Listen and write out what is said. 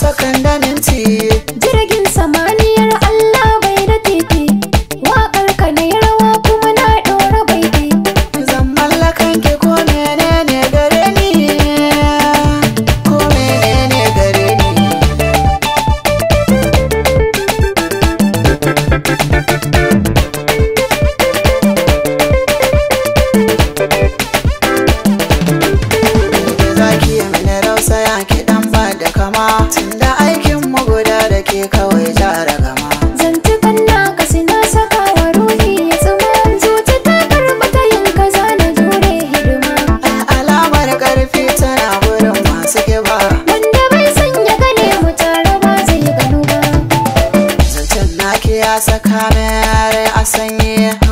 Soka ndani ka mayar a sanye